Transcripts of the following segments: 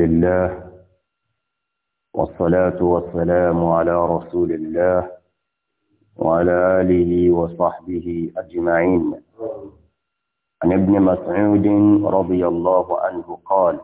لله والصلاة والسلام على رسول الله وعلى آله وصحبه أجمعين عن ابن مسعود رضي الله عنه قال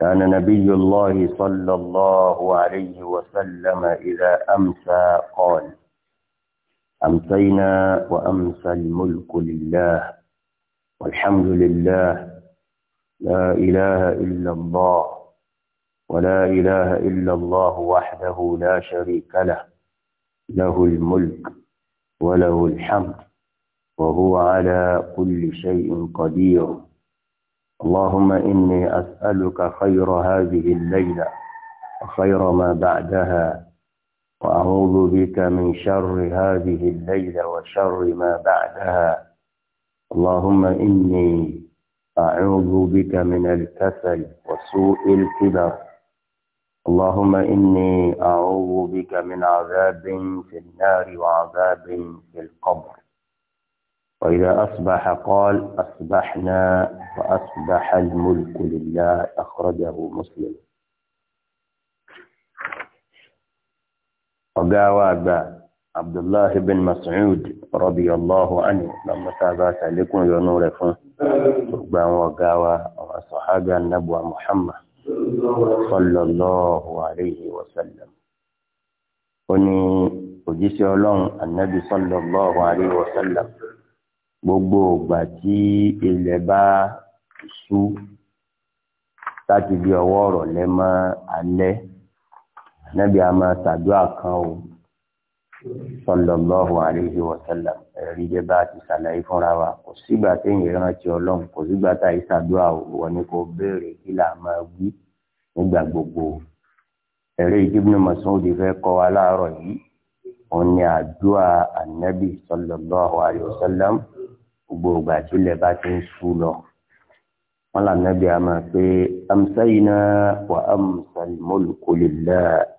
كان نبي الله صلى الله عليه وسلم إذا أمسى قال أمسينا وأمسى الملك لله والحمد لله لا إله إلا الله ولا إله إلا الله وحده لا شريك له له الملك وله الحمد وهو على كل شيء قدير اللهم إني أسألك خير هذه الليلة وخير ما بعدها وأعوذ بك من شر هذه الليلة وشر ما بعدها اللهم إني أعوذ بك من الكسل وسوء الكبر اللهم إني أعوذ بك من عذاب في النار وعذاب في القبر وإذا أصبح قال أصبحنا وأصبح الملك لله أخرجه مسلم وقال abdullahi bin mas'ud radiyallahu anhu lọ́mọ sábà sàlékún yọnu rẹ̀ fún gbogbo àwọn ọ̀gá wa àwọn sọ̀hábì anábùwà muhammad sallallahu alayhi wa sallam ó ní òjíṣẹ́ ọlọ́run anábì sallallahu alayhi wa sallam gbogbo ìgbà tí ilẹ̀ bá ṣú láti bí ọwọ́ ọ̀rọ̀ lẹ́ mọ́ alẹ́ anábì a máa ṣàdúrà kan o sallallahu alayhi wa sallam ẹ̀rí jẹ́ bá ti ṣàlàyé fúnra wa kò sígbà téèyàn rántí ọlọ́run kò sígbà tá a ṣàdúrà wọ ni kò béèrè kí là máa wí nígbà gbogbo ẹ̀rí ìdíbùnú mọ̀sánwódì fẹ́ kọ́ wa láàárọ̀ yìí òun ni àdúrà ànábì sallallahu alayhi wa gbogbo ìgbà tílẹ̀ bá ti ń sú lọ wọn làǹdàbí àmà pé amsayna wa amsal mulku lillah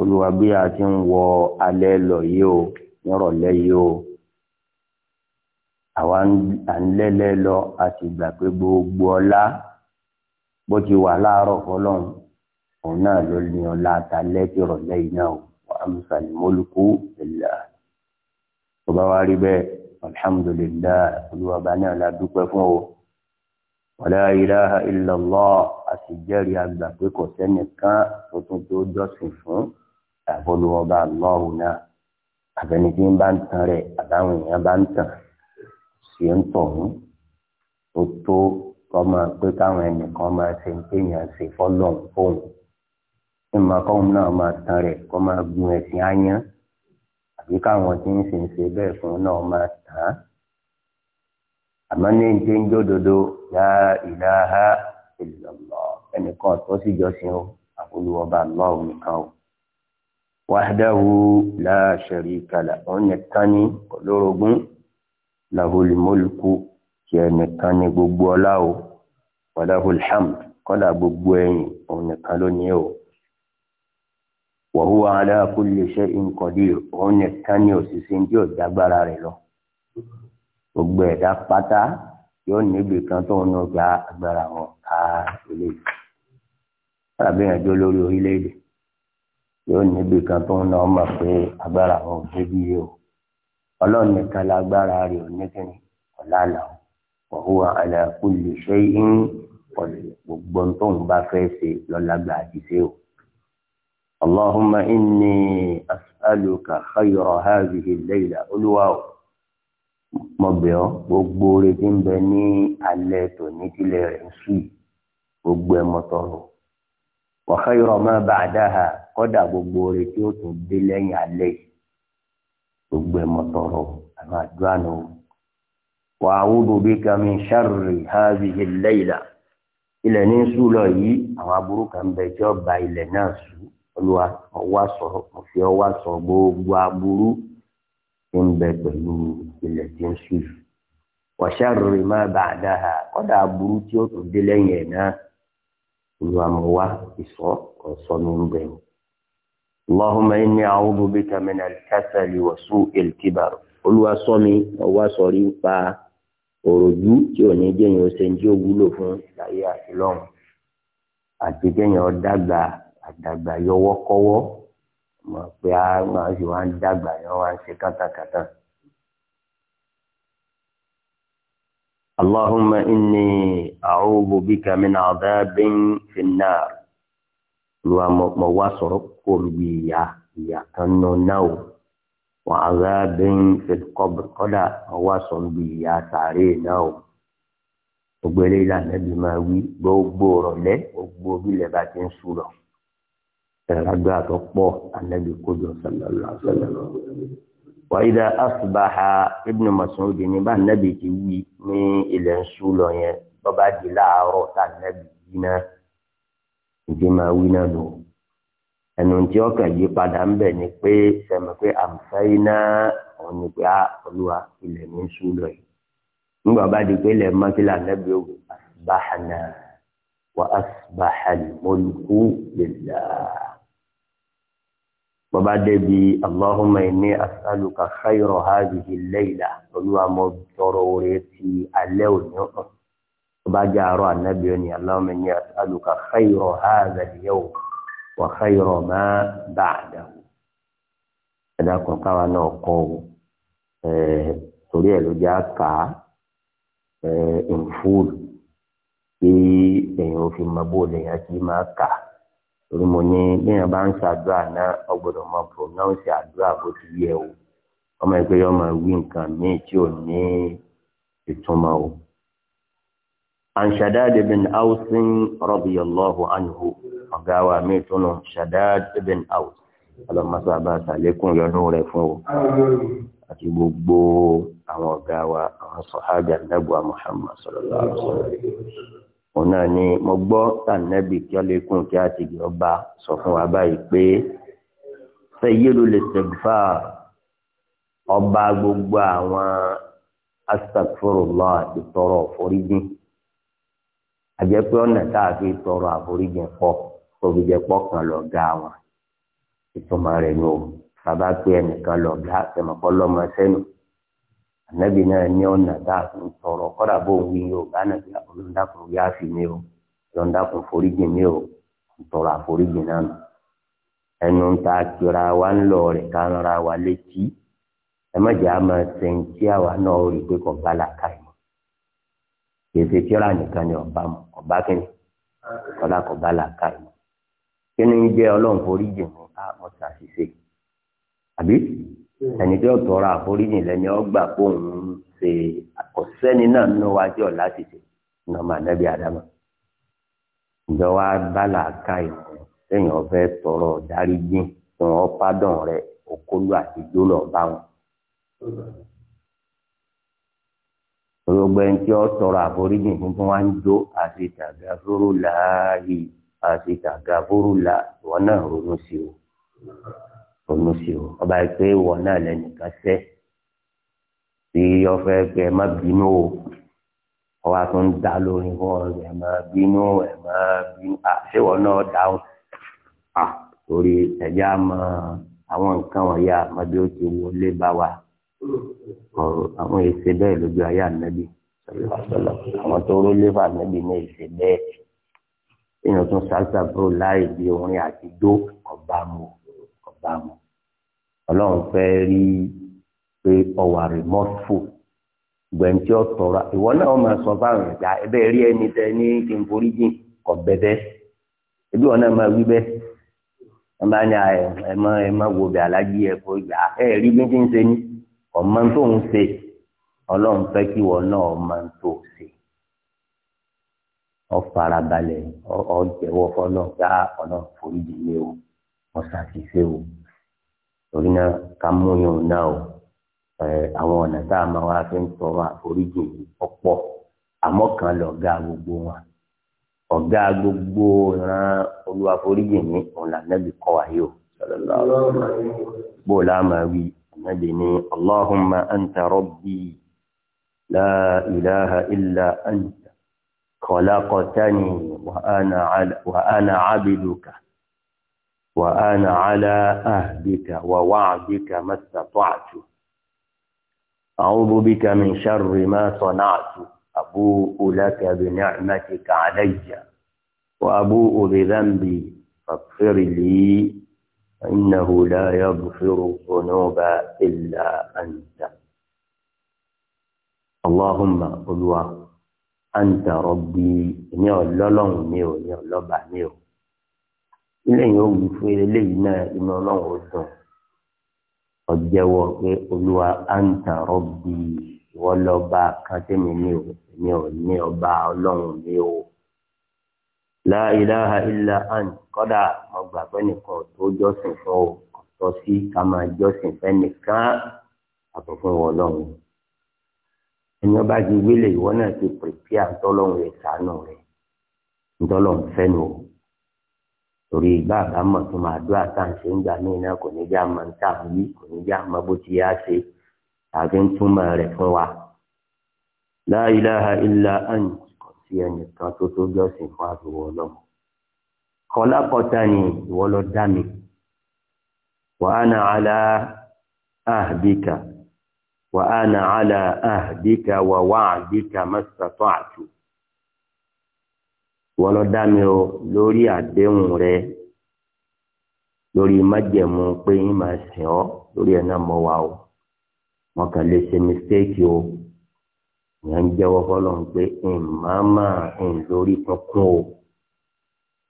olùwà bí a ti ń wọ alẹ́ lọ yìí o nírọ̀lẹ́ yìí o àwa ń lẹ́lẹ́ lọ a ti gbà pé gbogbo ọlá bó ti wà láàárọ̀ fọlọ́run òun náà ló ní ọlá àtàlẹ́ tí rọ̀lẹ́ yìí náà wà á mólúkú ìlà tó bá wá rí bẹ́ẹ̀ alhamdulilayi olùwà bá ní ọ̀la dúpẹ́ fún o. wàlá ilaha illallah àtijẹ́rì àgbà pé kò sẹ́nìkan tụtụtụ tún tó jọ́sìn fún ọba Allahu náà àbẹnidí bá ń tan rẹ̀ àbáwọn èèyàn bá ń tàn sí ń tọ̀hún tó tó kọ́ pé káwọn ẹnìkan máa ṣe ń téèyàn ṣe fọ́lọ́hún fóun ìmọ̀ kọ́hún náà máa tan rẹ̀ kọ́ máa gun ẹ̀sìn áyán àbí káwọn fún náà máa tàn án àmọ́ la ilaha illallah ẹnìkan tó sì jọ́sìn o àfolúwọ́ba Allah nìkan o wahdahu la sharika la òun nìkan ní olórogún lahul mulku tí ẹnìkan ní gbogbo ọlá o wa lahul hamd kọ́lá gbogbo ẹ̀yìn òun nìkan lónìí o wa huwa ala kulli shay'in qadir òun ní òṣìṣẹ́ ní ọ̀dàgbára rẹ̀ lọ gbogbo ẹ̀dá pátá yóò níbi kan tó ń gba agbára wọn ká ilé tàbí ìrìnàjò lórí orílẹ̀-èdè yóò níbi kan tó ń lọ mọ̀ pé agbára wọn ò débi yìí o ọlọ́run nìkan lágbára rẹ̀ ò ní kíni ọ̀làlà o ọ̀hún ala kulli shay'in gbogbo tó ń bá fẹ́ ṣe lọ́lágbà àṣìṣe o. Allahumma inni as'aluka khayra hadhihi al-layla olúwa mo bẹ̀ ọ́ gbogbo oore tí ń bẹ ní alẹ́ tòní tílẹ̀ rẹ̀ ń sùn gbogbo ẹ̀ mọ́tọ́rọ̀ wa khayra ma ba'daha kọ́dà gbogbo oore tí ó tún dé lẹ́yìn alẹ́ gbogbo ẹ̀ mọ́tọ́rọ̀ àwọn àdúrà nù. wa a'udhu bika min sharri hadhihi al-layla ilẹ̀ ní sùn lọ yìí àwọn aburú kan bẹ tí ó ba ilẹ̀ náà sùn olúwa ọwọ́ àsọ mo fi àsọ gbogbo aburú. ti ń bẹ ilẹ̀ tí ń sùn máa bá a dá kọ́dà aburú tí ó tún dé lẹ́yìn ẹ̀ náà ìlú àmọ́wá ìsọ́ ọ̀sọ́ ní ń bẹ̀rù. اللهم إني أعوذ بك من الكسل وسوء الكبر Olúwa ṣọ́ mi ọwọ́ sọ̀rí ń pa òròjú tí ò ní jẹ́yìn ọ̀sẹ̀ tí ó wúlò fún láyé àti àti mọ̀ pé a máa ń ṣe wá ń dàgbà yẹn wá ń ṣe kátàkátà. اللهم إني أعوذ بك من عذاب في النار olúwa mo wá sọ̀rọ̀ kó mi ìyá ìyá kan nù náà o wà á rà bẹ́ẹ̀ fẹ́ẹ́ kọ́dà mo wá sọ̀rọ̀ bí ìyá sàárè náà o gbogbo eléyìí lànà bí máa wí gbogbo rọ̀lẹ́ gbogbo bí ilẹ̀ bá ti ń sùn lọ ẹ̀rágbá tó pọ̀ anábì kojú sallallahu sallam. wa idha asbaha ibn Mas'ud ní bá anábì ti wí ní ilẹ̀ nsú lọ yẹn bọ́bá di láàárọ̀ tá anábì yí náà ìdí máa wí náà lò. ẹnu tí ọkàn yí padà ń bẹ̀ ni pé sẹ́mi pé àmsáyí náà òun ni pé olúwa ilẹ̀ ní nsú lọ yìí. nígbà bá di pé ilẹ̀ mọ́kílà anábì òwò asbahana wa asbaha al-mulku bọ́bá débi allahumma inni as'aluka khayra hadhihi al-layla olúwa mo tọrọ oore ti alẹ́ òní ọ̀hún bọ́bá jẹ́ àárọ̀ ànábì òní allahumma inni as'aluka khayra hadha al-yawm wa khayra ma ba'dahu. ẹ̀dá kan káwa náà kọ́ ọ torí ẹ̀ ló jẹ́ àká ẹ̀ ń fúlù kí èèyàn fi mọ bóòlù yẹn máa kà á. torí mo ní bíyàn bá ń ṣàdúrà náà ọ na o pronounce àdúrà bó ti yẹ o ọmọ ẹgbẹ́ yọ máa wí nǹkan míì tí ò ní ìtumọ̀ o. an Shaddad ibn Aws radiyallahu anhu ọ̀gá wa mi tún nù Shaddad ibn Aws ọlọ́mọṣẹ́ àbáṣà lẹ́kùn yọnu rẹ̀ fún o àti gbogbo àwọn ọ̀gá wa àwọn Muhammad sọlọ. òun náà ni mo gbọ́ tànẹ́bì kí ọ kí ti gbé ọba sọ fún wa báyìí pé ọba gbogbo àwọn astaghfirullah àti tọrọ àforíjìn àjẹpẹ́ ọ̀nà tá a fi tọrọ àforíjìn pọ̀ tóbi jẹ́ pọ̀ kan lọ ga wọn ìtumọ̀ rẹ̀ ni o bàbá pé ẹnìkan lọ ga lọ́mọ ànábì náà ní ọ̀nà tá a fún tọrọ kọ́dà bó ń wí yóò bá nàbí ọlọ́dàkùn yá fi mí o ọlọ́dàkùn foríjì mí o tọrọ àforíjì náà nù ẹnu ta kíra wa ń lọ rẹ̀ ká ń ra wa létí ẹ má jẹ́ àmọ́ sẹ́ńtì àwa náà rí i pé kò bá la ka ẹ̀ kíra nìkan ni ọba mu ọba kìnnì kọ́dà kò bá la ka ẹ̀ jẹ́ ọlọ́run foríjì mi á mọ̀ sàṣìṣe àbí ẹni tí ó tọrọ ni lẹni ọgbà kó òun ṣe ọ̀sẹ́ni náà nínú wájú ọ̀la ti ṣe nọmọ ànábì àdámà ìjọ wa bala ká ìmọ̀ sẹ́yìn ọ̀fẹ́ tọrọ dáríjì tí wọ́n pádàn rẹ òkólú àti jólọ bá wọn. Olóògbé ń tí ó tọrọ àforíjì tuntun wá ń jó àti tàgà fúrúlà yìí àti tàgà fúrúlà wọn náà ronú sí o òun sì o ọba yìí pé ìwọ náà lẹnìkan sẹ tí ọfẹ pé ẹ má bínú o ọba tó ń dá lórí wọn ẹ má bínú ẹ má bínú à ṣé ìwọ náà dáhùn à torí ẹjẹ àmọ́ àwọn nǹkan wọ̀nyí àmọ́ bí ó ti wọlé bá wa ọ̀rọ̀ àwọn èsè bẹ́ẹ̀ lójú ayé ànábì sọlọ àwọn tó rólé bá ànábì ní èsè bẹ́ẹ̀ èèyàn tún ṣàṣàbọ láì di orin àti dó ọba mu ọba mu ọlọ́run fẹ́ rí pé ọwà rìmọ́fù gbẹ̀ntì ọ̀tọ̀ra ìwọ náà máa sọ fáwọn ẹ̀dá ẹbẹ̀ rí ẹni tẹ ní kí n forí jìn kọ̀ bẹ́bẹ́ ebi wọn náà máa wí bẹ́ẹ̀ ẹ máa ní ẹ máa ẹ máa wo bẹ́ẹ̀ alájí ẹ kó gbà ẹ rí bí n ti ń ṣe ní ọmọ tó ń ṣe ọlọ́run fẹ́ kí wọn náà ọmọ tó ṣe ọ farabalẹ̀ ọ jẹ́wọ́ fọlọ́ gbá ọlọ́run forí jìn ní o wọ́n ṣàṣìṣe o torí náà ká mú yòó náà o àwọn ọ̀nà tá a máa wá fi ń tọrọ àforíjì ọ̀pọ̀ àmọ́ kan lọ̀gá gbogbo wọn ọ̀gá gbogbo ìran olúwaforíjì ní ọ̀nà kọ́ wa o sallallahu alaihi wí nẹ́bí ní allahumma anta rabbi la ilaha illa anta khalaqtani wa ana abduka. وأنا على أهدك ووعدك ما استطعت أعوذ بك من شر ما صنعت أبوء لك بنعمتك علي وأبوء بذنبي فاغفر لي فإنه لا يغفر الذنوب إلا أنت اللهم قل أنت ربي نعلم نعلم نعلم ò lẹ́yìn òwú fún eléyìí náà inú ọlọ́run ó dùn ọjẹ́wọ́ pé olúwa àǹtà rọ́bì ìwọ lọ́ba kátẹ́mi mi ò mi ò ní ọba ọlọ́run mi ò la ilaha illa an kọ́dà mo gbà pé nìkan tó jọ́sìn fún ọ ọ̀tọ̀ sí ká máa jọ́sìn fẹ́ nìkan àbọ̀ fún wọn ọlọ́run ẹni ọba ti wílé ìwọ náà ti pèpè àtọ́lọ́run rẹ̀ sànù rẹ̀ ntọ́lọ́run fẹ́ nù o torí bàbá mọ̀ tó máa dúrà tá à ń ṣe ń gbà mí náà kò ní já mọ tá à ń yí kò ní já mọ bó ti yá ṣe àti ń túmọ̀ rẹ̀ fún wa. la ilaha illa kò sí ẹnìkan tó tó jọ́sìn fún àfiwọ́ ọlọ́run. kọ́lákọ́ta ni ìwọ ló dá mi. wa ana ala ahdika wa ana ala ahdika wa wa'dika wọ́n lọ dá mi o lórí àdéhùn rẹ lórí májẹ̀mú pé yín máa sìn ọ́ lórí ẹ̀ náà mọ̀ wá o wọn kàn lè ṣe mistake o ìyẹn ń jẹ́wọ́ fọlọ́run pé ìmáàmà ń lórí kankan o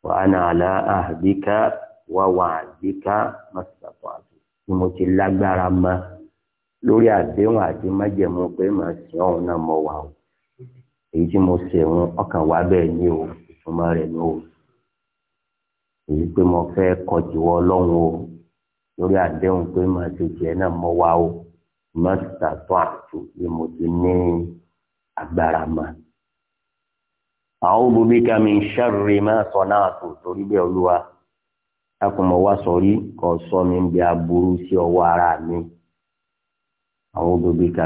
wà nà àlá àbíká wà wà àbíká má àti tí mo ti lágbára ma lórí àdéhùn àti májẹ̀mú pé màá sìn ọ́ náà mọ̀ wá o èyí tí mo ṣe ń ọkàn wá bẹ́ẹ̀ ni o. ìtumọ̀ rẹ̀ ní o èyí pé mo fẹ́ kọjú ọlọrun o lórí àdéhùn pé màá ṣe tiẹ̀ náà o má ṣàtọ́ àtò bí mo ti ní agbára mà. a'udhu ma sana'tu torí bẹ́ẹ̀ olúwa wá sọ mi ń aburú sí ọwọ́ ara mi bika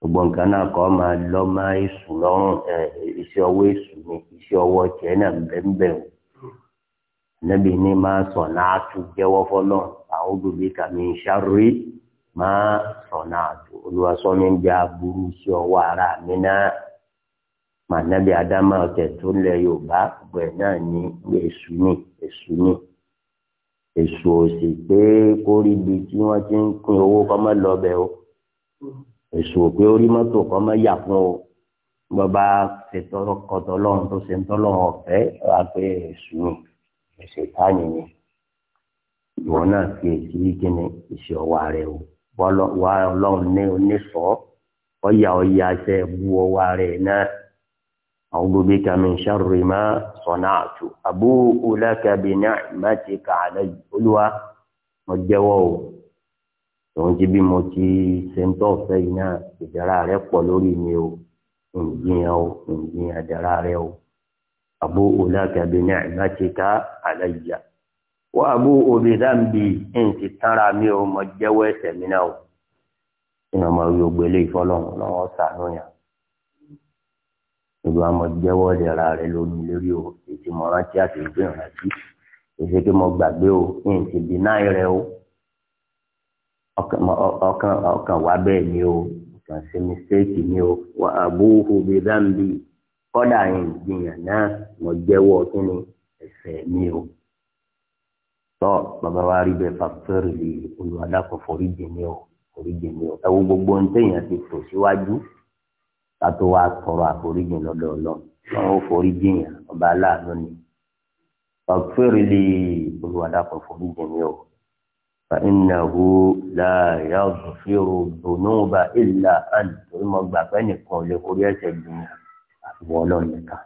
gbogbo nǹkan náà kọ́ máa lọ máa èṣù lọ́rùn iṣẹ́ ọwọ́ èṣù ni iṣẹ́ ọwọ́ tiẹ̀ náà bẹ́ẹ̀nbẹ́ẹ̀ o níbi ní máa sọ̀ náà tún jẹ́wọ́ fọlọ́ àwọn obìnrin kàmí sáré máa sọ̀ náà tún olùwàsọ́ni ń jẹ́ aburú iṣẹ́ ọwọ́ ara mi náà mànàbí adama ọ̀tẹ̀ tó lẹ yorùbá gbogbo ẹ̀ náà ní èṣù ni èṣù ni èṣù ò sì pé kórìbi tí wọ́n ti ń pín owó kọ́mọ́ lọ́bẹ̀ o èso pé orí mọ́tò kan máa yà fún o bàbá ṣètò ọkọ̀tọ̀ ọlọ́run tó ṣe ń tọ́lọ́run ọ̀fẹ́ wàá pé èso ni èso ìtàní ni ìwọ náà fi èsì kíni ìṣe ọwọ́ rẹ o wà ọlọ́run ní oníṣọ́ ọ̀yà ọ̀yà ṣe bu ọwọ́ rẹ náà àwọn gbogbo kàmí ṣàròyìn máa sọ̀nà àtò àbúrò lákàbí náà má ti kà á lẹ́yìn olúwa mo jẹ́wọ́ o tòun ti bí mo ti ṣe ń tọ́ ọ̀fẹ́ yìí náà ìdára rẹ pọ̀ lórí mi o ǹjìyàn o ǹjìyàn ìdára rẹ o àbú òlàkà bí ní àìbátíká àlàyé wà àbú òbí dáǹbì ń ti tára mi o mo jẹ́wọ́ ẹ̀ṣẹ̀ mi náà o ìyẹn ọmọ yóò gbélé ìfọlọ́run lọ́wọ́ sànú yàn ìlú àmọ́ jẹ́wọ́ ìdára rẹ lórí lórí o èyí tí mo rántí àti ìgbìyànjú èyí tí mo gbàgbé o ń ti dínà rẹ o ọkàn wá bẹ́ẹ̀ ni o ọkàn ṣe mistake ni o wà àbúrò bíi dáńbì kọ́dà ìgbìyàn náà mo jẹ́wọ́ kí ni ẹ̀ṣẹ̀ mi o. tọ́ bàbá wa rí bẹ́ẹ̀ fàkítọ́rì lè olùwàdàpọ̀ foríjì ni o foríjì ni o ẹ wo gbogbo ohun téèyàn ti tò síwájú ká tó tọrọ àforíjì lọ́dọ̀ ọlọ́run wọn foríjì yàn ọba aláàánú ni fàkítọ́rì lè olùwàdàpọ̀ foríjì ni o. فإنه لا يغفر الذنوب إلا أنت ìmọ̀ gbà pé nìkan lè orí ẹ̀ṣẹ̀ gbìyànjú àfiwọ́ ọlọ́run nìkan.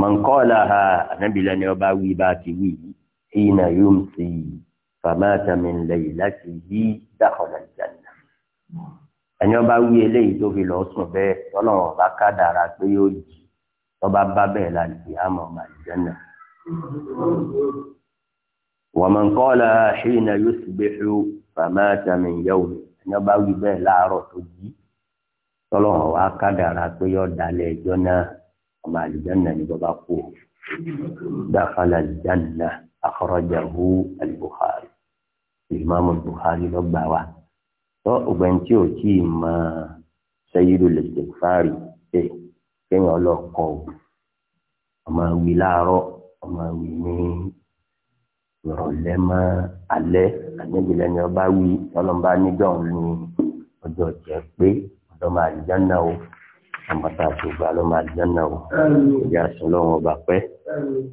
mọ̀nkọ́lá ha ànábìlẹ̀ ni ọba wí bá ti wí ìnà yóò ń ti fàmáàtàmì lẹ́yìn láti yí dákọ̀lá ìjànà. ẹni ọba wí eléyìí tó fi lọ sùn bẹ́ẹ̀ tọ́lọ́run ọba kádàrá pé yóò jì tọ́ba bá bẹ́ẹ̀ láti àmọ́ màlìjánà wàmọ̀n kọ́lá ṣìnà yusbihu famata min yawmi ẹ̀yọ́ bá wí bẹ́ẹ̀ láàárọ̀ tó jí tọ́lọ́hàn wá kádàrá pé yọ dalẹ̀ ẹjọ́ náà ọmọ àlùjáná ni bọ́ bá kú dáfàlà àlùjáná akhrajahu al-Bukhari ìmáàmù Bukhari ló gbà tọ́ ọgbẹ́ni tí ò tí ì mọ sayyidul istighfari ṣe kéèyàn lọ kọ́ ọ ọmọ wí láàárọ̀ ọmọ wí ní ìrọ̀lẹ́ mọ́ alẹ́ ànẹ́bìlẹ̀ ni ọba wí ọlọ́mọba níjọ́ ní ọjọ́ jẹ́ pé ọlọ́mọ àlìjáná o àmọ́tà àtògbà ọlọ́mọ àlìjáná o ìyá sọlọ́wọ́n ọba pẹ́.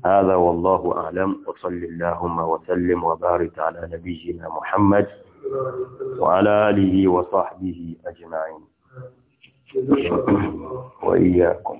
هذا والله أعلم وصل اللهم وسلم وبارك على نبينا محمد وعلى آله وصحبه أجمعين وإياكم